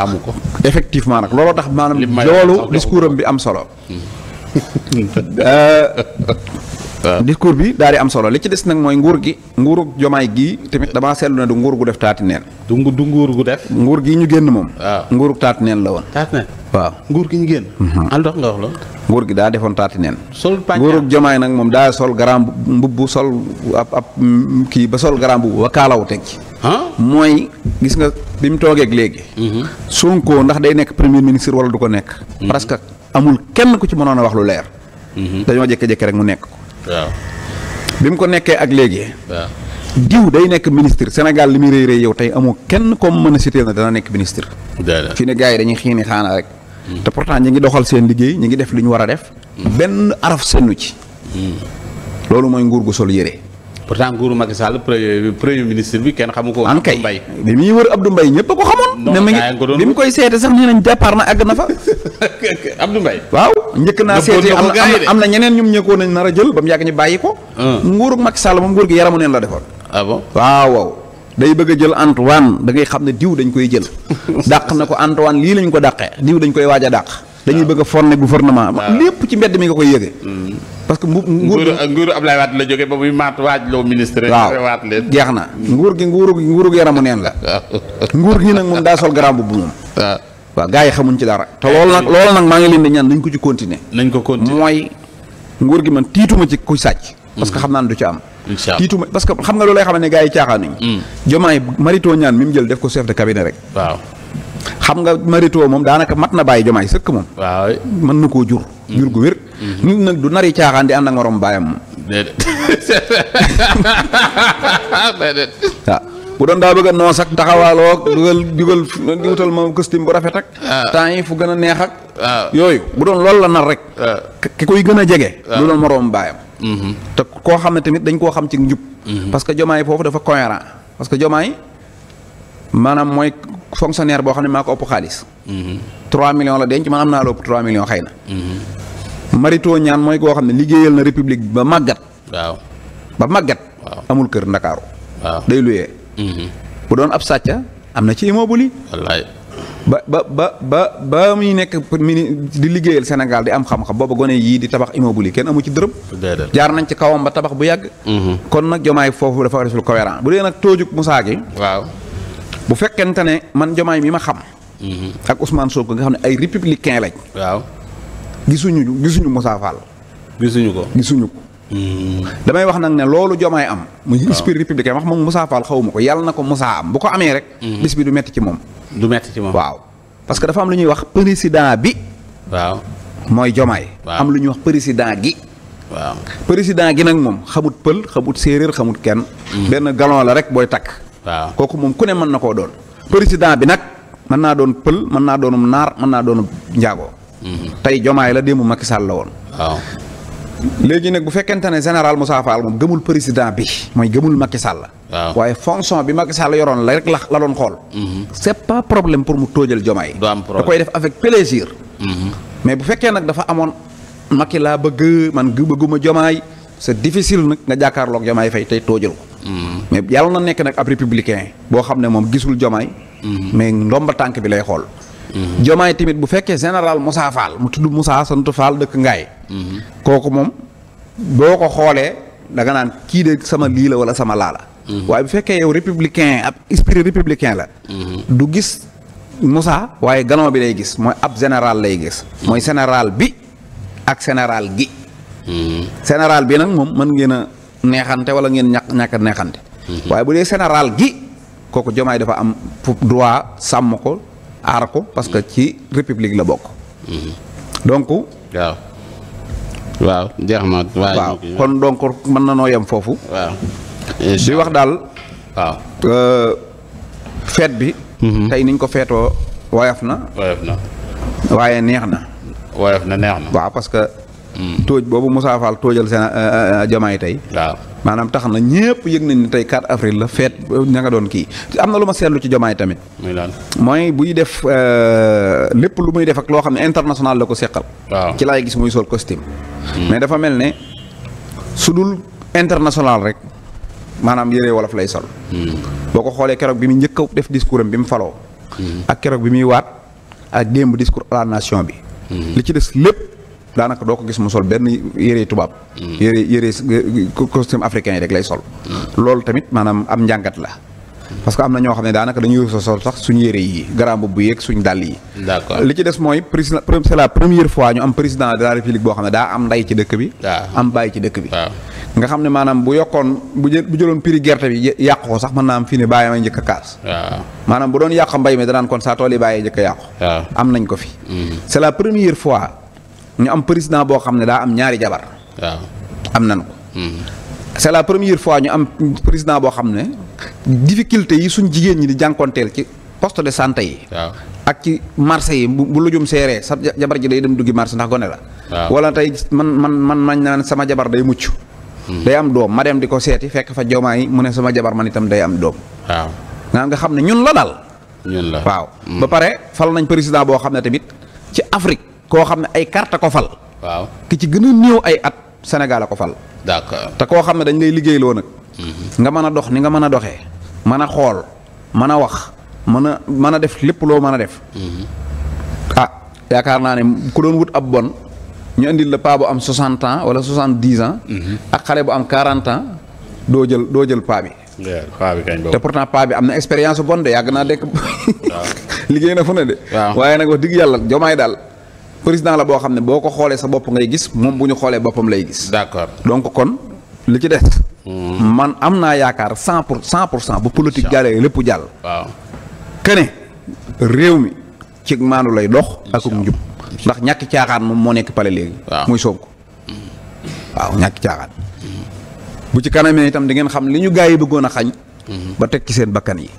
amu ko. effectivement nag looloo tax maanaam. loolu discours bi am solo. Euh, discours bi daal di am solo li ci des nag mooy nguur gi. nguurug jomaay gii tamit damaa seetlu ne du nguur gu def taati neen. du du nguur gu def. nguur gii ñu génn moom. waaw neen la woon. taati neen waaw nguur gi ñu génn. Mhm. al dox wax loolu. nguur gi daa defoon taati neen. sol pàcc nguurug jomaay nag moom daa sol garam mbubb sol ab ab kii ba sol garam bu ba kaalaw teg ci. mooy gis nga bi mu toogeeg léegi. Mhm. Sonko ndax day nekk premier ministre wala du ko nekk. Mhm. parce que amul kenn ku ci mënoon a wax lu leer. dañoo jékki-jékki rek mu nekk waaw bi mu ko nekkee ak léegi. waaw diw day nekk ministre Sénégal li muy rëy rëy yow tey amoo kenn comme mën a cité na dana nekk ministre. fi ne gars yi dañu xiini xaana rek. Hmm. te pourtant ñu ngi doxal seen liggéey ñu ngi def li ñu war a def. Hmm. benn araf sennu ci. Hmm. loolu mooy nguur gu sol yére. pourtant nguuru Macky Sall premier ministre bi kenn xamu ko. woon Abdou Mbaye bi muy wër Abdou Mbaye ñëpp a ko xamoon. ne mi ngi bi mu koy seete sax nee nañ départ na àgg na fa. [laughs] Abdou Mbaye waaw. njëkk naa seeti am na am na ñeneen ñum ñëkkoon nañ nar a jël ba mu yàgg ñu bàyyi ko ah. nguurug Macky Sall moom gi yaramu neen la defoon ah bon day bëgg jël Antoine da ngay xam ne diw dañ koy jël [laughs] dàq na ko Antoine lii lañ ko dàqee diw dañ koy waaj a dàq dañuy ah. bëgg a former gouvernement ah. lépp ci mbedd mi nga koy yëgee hmm. parce que nguur nguuru Ablaye Wade la jógee ba maat waaj loo ministre waat leen jeex na nguur gi nguuru nguurug yaramu neen la [laughs] nguur gi nag moom daa sol garaam bu moom waaw gars yi xamuñ ci dara te loolu nag loolu nag maa ngi leen di ñaan nañ ko ci continuer nañ ko continuer mooy nguur gi man tiituma ci kuy sàcc mm. parce que xam naa ne du ci am tiituma parce que xam nga loolu xam ne gars yi caaxaanuñ mm. jomaay marito ñaan mi mu jël def ko chef de cabinet rek waaw xam nga maritoo moom daanaka mat na bàyyi jomaay sëkk moom waaw mën na koo jur mm. jur gu wér mm-hmm. nit nag du nari caaxaan di ànd ak morom bàyyam moom déedéet [laughs] [laughs] waaw bu doon daa bëgg a noos ak taxawaaloo dugal dugal di wutal ma costume bu rafet ak. Ah. temps yi fu gën a neex ak. Ah. yooyu bu doon loolu la nar rek. Ah. ki koy gën a jege. lu doon moroom baayam. Mm-hmm. te koo xam ne tamit dañ koo xam ci njub. Mm-hmm. parce que yi foofu dafa cohérent parce que jomaay maanaam mooy fonctionnaire boo xam ne maa ko ëpp xaalis. 3 mm-hmm. millions la denc man am naa la ëpp millions xëy na. marito ñaan mooy koo xam ne liggéeyal na république ba màggat. waaw ba amul kër ndakaaru. Mm-hmm. bu doon ab sàcca am na ci immeuble yi. wallaay. ba ba ba ba ba muy nekk di liggéeyal senegal di am xam-xam booba gone yii di tabax immeuble yi kenn amu ci dërëm jaar nañ ci kawam ba tabax bu yàgg mm-hmm. kon nag jomaay foofu dafa resul cohérent bu dee nag toojuk Moussa gi waaw bu fekkente ne man jomaay mi ma xam mm-hmm. ak Ousmane Sonko nga xam ne ay républicain lañ waaw gisuñu gisuñu Moussa Fall gisuñu ko gisuñu ko damay wax nag ne loolu jomaay am. muy esprit républicain wax moom Moussa Fall xaw ko yàlla na ko Moussa am bu ko amee rek. Mhm. bis bi du metti ci moom. du metti ci moom waaw. parce que dafa am lu ñuy wax président bi. waaw mooy jomaay. am lu ñuy wax président gi. waaw gi nag moom xamut pël xamut séeréer xamut kenn. Mhm. benn galon la rek booy takk. kooku moom ku ne mën na koo doon. président bi nag mën naa doon pël mën naa doonum naar mën naa doonum njaago. Mhm. tey jomaay la démb Macky Sall la woon. léegi nag bu fekkente ne général Moussa Fall moom gëmul président bi mooy gëmul Macky Sall. waaye fonction bi Macky Sall yoroon la rek la la doon xool. Mhm. c' est pas problème pour mu toojal jomaay. du am problème da koy def avec plaisir. Mhm. mais bu fekkee nag dafa amoon Macky laa bëgg man bëgguma jomaay c' est difficile nag nga jàkkaarloog jomaay fay tey tóojal ko. Mhm. mais yàlla na nekk nag ab républicain boo xam ne moom gisul jomaay. mais ndomba tànk bi lay xool. jomaay tamit bu fekkee général Moussa Fall mu tudd Moussa sant Fall dëkk Ngaye kooku moom boo ko xoolee da nga kii de sama lii la wala sama laa la waaye bu fekkee yow républicain ab esprit républicain la du gis Moussa waaye ganon bi day gis mooy ab général lay gis mooy sénéral bi ak sénéral gi sénéral bi nag moom mën ngeen a neexante wala ngeen ñàkk ñàkk a neexante waaye bu dee sénéral gi kooku jomaay dafa am droit sàmm ko aar ko parce que ci république la bokk. donc. waaw. waaw na kon donc mën na noo yem foofu. waaw. wax daal. waaw. Euh, feet bi. Mhm. tey niñ ko feetoo woyof na. waaye neex na. woyof na neex na. waaw parce que. Mhm. tóoj boobu Moussa Fall tóojal seen euh, euh, jomaay tey. maanaam tax na ñëpp yëg nañ ne tey 4 avril la feet ña nga doon kii am na lu ma seetlu ci jomaay tamit. mooy buy def euh, lépp lu muy def ak loo xam ne international la ko seqal. ci laay gis muy sol costume. Hmm. mais dafa mel ne su dul international rek maanaam yëre wolof lay sol. Hmm. boo ko xoolee keroog bi mu njëkk a def discours am bi mu faloo. Hmm. ak keroog bi muy waat ak démb discours à nation bi. li ci des lépp. daanaka doo ko gis mu sol benn yére tubaab. Mm. yére yére costume africain yi rek lay sol. Mm. loolu tamit maanaam am njàngat la. parce que am na ñoo xam ne daanaka dañuy sa sol sax suñu yére yi garaam bu yeeg suñu dàll yi. d'accord li ci des mooy président c'est la première fois ñu am président de la république boo xam ne daa am nday ci dëkk bi. Ah. am bàyyi ci bi. Ah. nga xam ne maanaam bu yokkoon bu jë bu jëloon prix gerte bi yàqu ko sax mën naa am fii ne bàyyi may a ah. maanaam bu doon yàq mbay mi danaan kon saa tool yi bàyyi njëkk a am nañ ko fi. Mm-hmm. c'est la première fois. ñu am président boo xam ne daa am ñaari jabar. am nan ko. Hmm. c'est la première fois ñu am président boo xam ne difficulté yi suñ jigéen ñi di jànkonteel ci poste de santé yi. ak ci marché yi bu bu lujum seeree sa jabar ji day dem duggi marché ndax gone la. wala tey man man man mañ naan sama jabar day mucc. Hmm. day am doom ma dem di ko seeti fekk fa jomaa yi mu ne sama jabar man itam day am doom. waaw nga xam ne ñun la daal. ñun waaw. Hmm. ba pare fal nañ président boo xam ne tamit ci Afrique. koo xam ne ay carte ko fal. ki ci gën a néew ay at Sénégal a ko fal. te koo xam ne dañ lay liggéeyloo nag. Mhm. nga mën a dox ni nga mën a doxee. mën a xool mën a wax mën a mën a def lépp loo mën a def. Mhm. ah yaakaar naa ne ku doon wut ab bon ñu indil la paa bu am 60 ans wala 70 ans. Mhm. ak xale bu am 40 ans doo jël doo jël paa bi. paa bi kañ boobu te pourtant paa bi am na expérience bu bon de yàgg naa dekk. [laughs] liggéey na fu ne de. waaye nag wax digg yàlla jomaay daal. président la boo xam ne boo ko xoolee sa bopp ngay gis moom bu ñu xoolee boppam lay gis. d'accord donc kon li ci des. Hmm. man am naa yaakaar cent pour cent pour cent bu politique jàllee lépp jàll. kene réew mi ci maanu lay dox. ak njub ndax ñàkk caaxaan moom moo nekk pale léegi. muy Sonko hmm. waaw ñàkk caaxaan. Hmm. bu ci kanamee itam di ngeen xam li ñu gaa yi bëggoon a xañ. ba teg ci seen bakkan yi.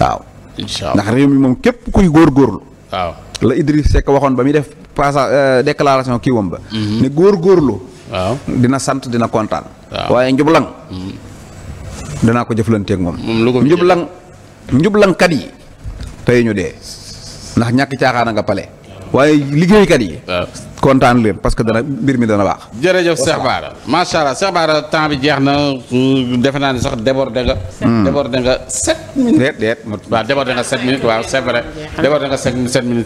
waaw. ndax réew mi moom képp kuy góorgóorlu. waaw. la Idriss Seck waxoon ba muy def passa euh, déclaration kii wam ba mhm. ne góorgóorlu waaw dina sant dina kontaan waaye njublang mhm. dinaa ko jëflanteeg moom njublang njublankat yi tey ñu dee ndax ñàkk caaxaan a nga pale waaye liggéeykat yi. kontaan leen parce que dana mbir mi dana baax. jërëjëf Cheikh Bara macha temps bi jeex na defe naa ni sax débordé nga. Hmm. débordé nga sept minutes. déet waaw débordé nga sept minutes waaw c'est vrai. débordé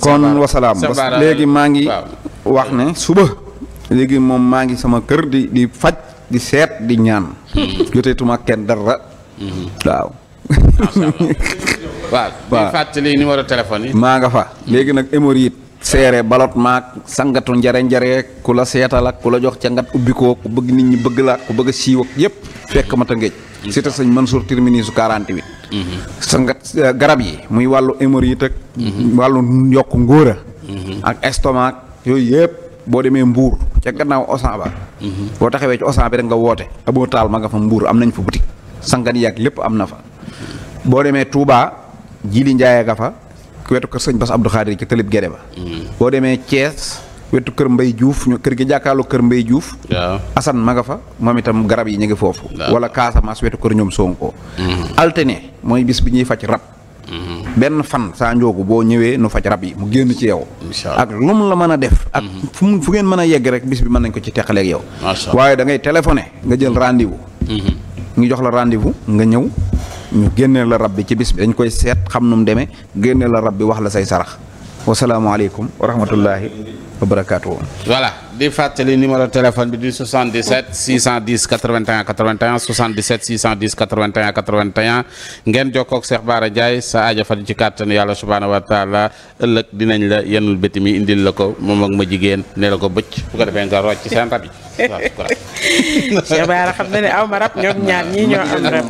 kon wasalaam léegi maa ngi. wax ne suba. léegi moom maa ngi sama kër di di faj di seet di ñaan. Hmm. joteetuma kenn dara. Hmm. waaw. [laughs] waaw. waaw fàttali numéro téléphone yi. maa nga fa léegi nag hémorroïde seere balot maag sangatu njare njare ku la seetalak ku la jox ca ngat ubbikoo ku bëgg nit ñi bëgg la ku bëgg a siiw yëpp fekk ma ta ngéej si ta man Mansour termini su 48 mhm. sangat euh, garab yi muy wàllu hémorroïde ak mhm. wàllu yokk ngóora mhm. ak estomac yooyu yëpp boo demee mbuur ca gannaaw osan ba boo taxewee ci osan bi rek nga woote aboo taal ma nga fa mbuur am nañ fa boutique sangat yi lépp am na fa boo demee Touba jili njaaye nga fa wetu kër sëñ Bass Abdou Khadir ci tëlib Gede ba. boo demee Thiès wetu kër Mbay Juuf ñu kër gi jàkkaarloo kër Mbay Juuf. waaw Assane fa moom itam garab yi ñu ngi foofu. wala kaasamaas wetu kër ñoom Sonko. Mm-hmm. altine mooy bis bi ñuy faj rab. Mm-hmm. benn fan saa njoogu boo ñëwee nu faj rab yi mu génn ci yow. ak lu mu la mën a def. ak mm-hmm. fu mu fu ngeen mën a yegg rek bis bi mën nañ ko ci teqaleeg yow. waaye da ngay téléphoné nga jël rendez-vous. ñu jox la rendez-vous nga ñëw ñu génnee la rab bi ci bis bi dañ koy seet xam nu mu demee génnee la rab bi wax la say sarax wasalaamaaleykum wa rahmatullahi wa barakaatu. voilà di fàttali numéro téléphone bi di 77 610 81 81 77 610 81 81 ngeen jokkoog Cheikh Bara Ndiaye sa aajo fan ci kàttan yàlla subhaanahu wa taala ëllëg dinañ la yenul béti mi indil la ko moom ak ma jigéen ne la ko bëcc bu ko defee nga seen rab yi Cheikh xam na ne aw ma rab ñoom ñaar ñi ñoo am rab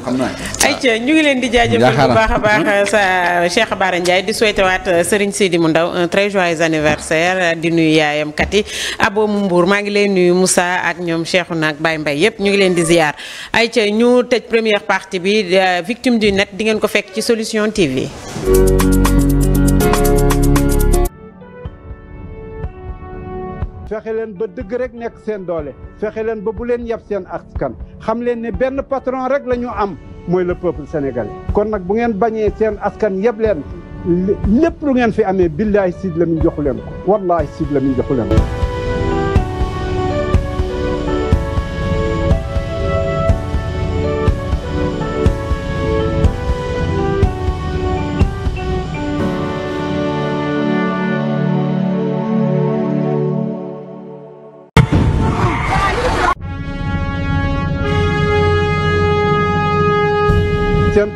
ayca ñu ngi leen di jaajëfal bu baax a baax hmm? sa Cheikh Bara Ndiaye di souhaité waat Serigne Sidi mu ndaw un très joyeux anniversaire di nuyu yaayam kat yi abo mu mbuur maa ngi leen nuyu Moussa ak ñoom Cheikhu naak Baye mbay yépp ñu ngi leen di ziar ayca ñu tëj première partie bi euh, victime du net di ngeen ko fekk ci Solution TV fexe leen ba dëgg rek nekk seen doole fexe leen ba bu leen yab seen askan xam leen ne benn patron rek la ñu am mooy le peuple sénégalais. kon nag bu ngeen bañee seen askan yëpp leen lépp lu ngeen fi amee billahi Sidy Lamine joxu leen ko wallahi Sidy Lamine joxu leen ko.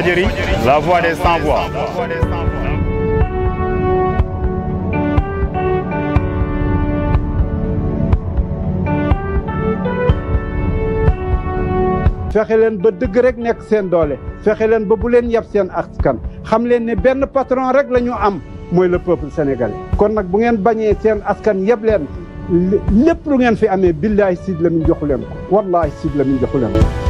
Walfadjri des sans fexe leen ba dëgg rek nekk seen doole fexe leen ba bu leen yab seen askan xam leen ne benn patron rek la am mooy le peuple sénégal kon nag bu ngeen bañee seen askan yab leen lépp lu ngeen fi amee billahi Sidy Lamine joxu leen ko wallahi Sidy Lamine joxu leen ko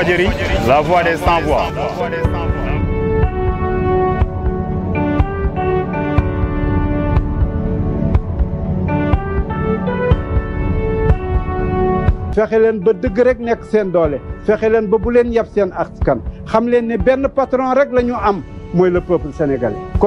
Walfadjri la des sans fexe leen ba dëgg rek nekk seen doole fexe leen ba bu leen yab seen askan xam leen ne benn patron rek la am mooy le peuple sénégalais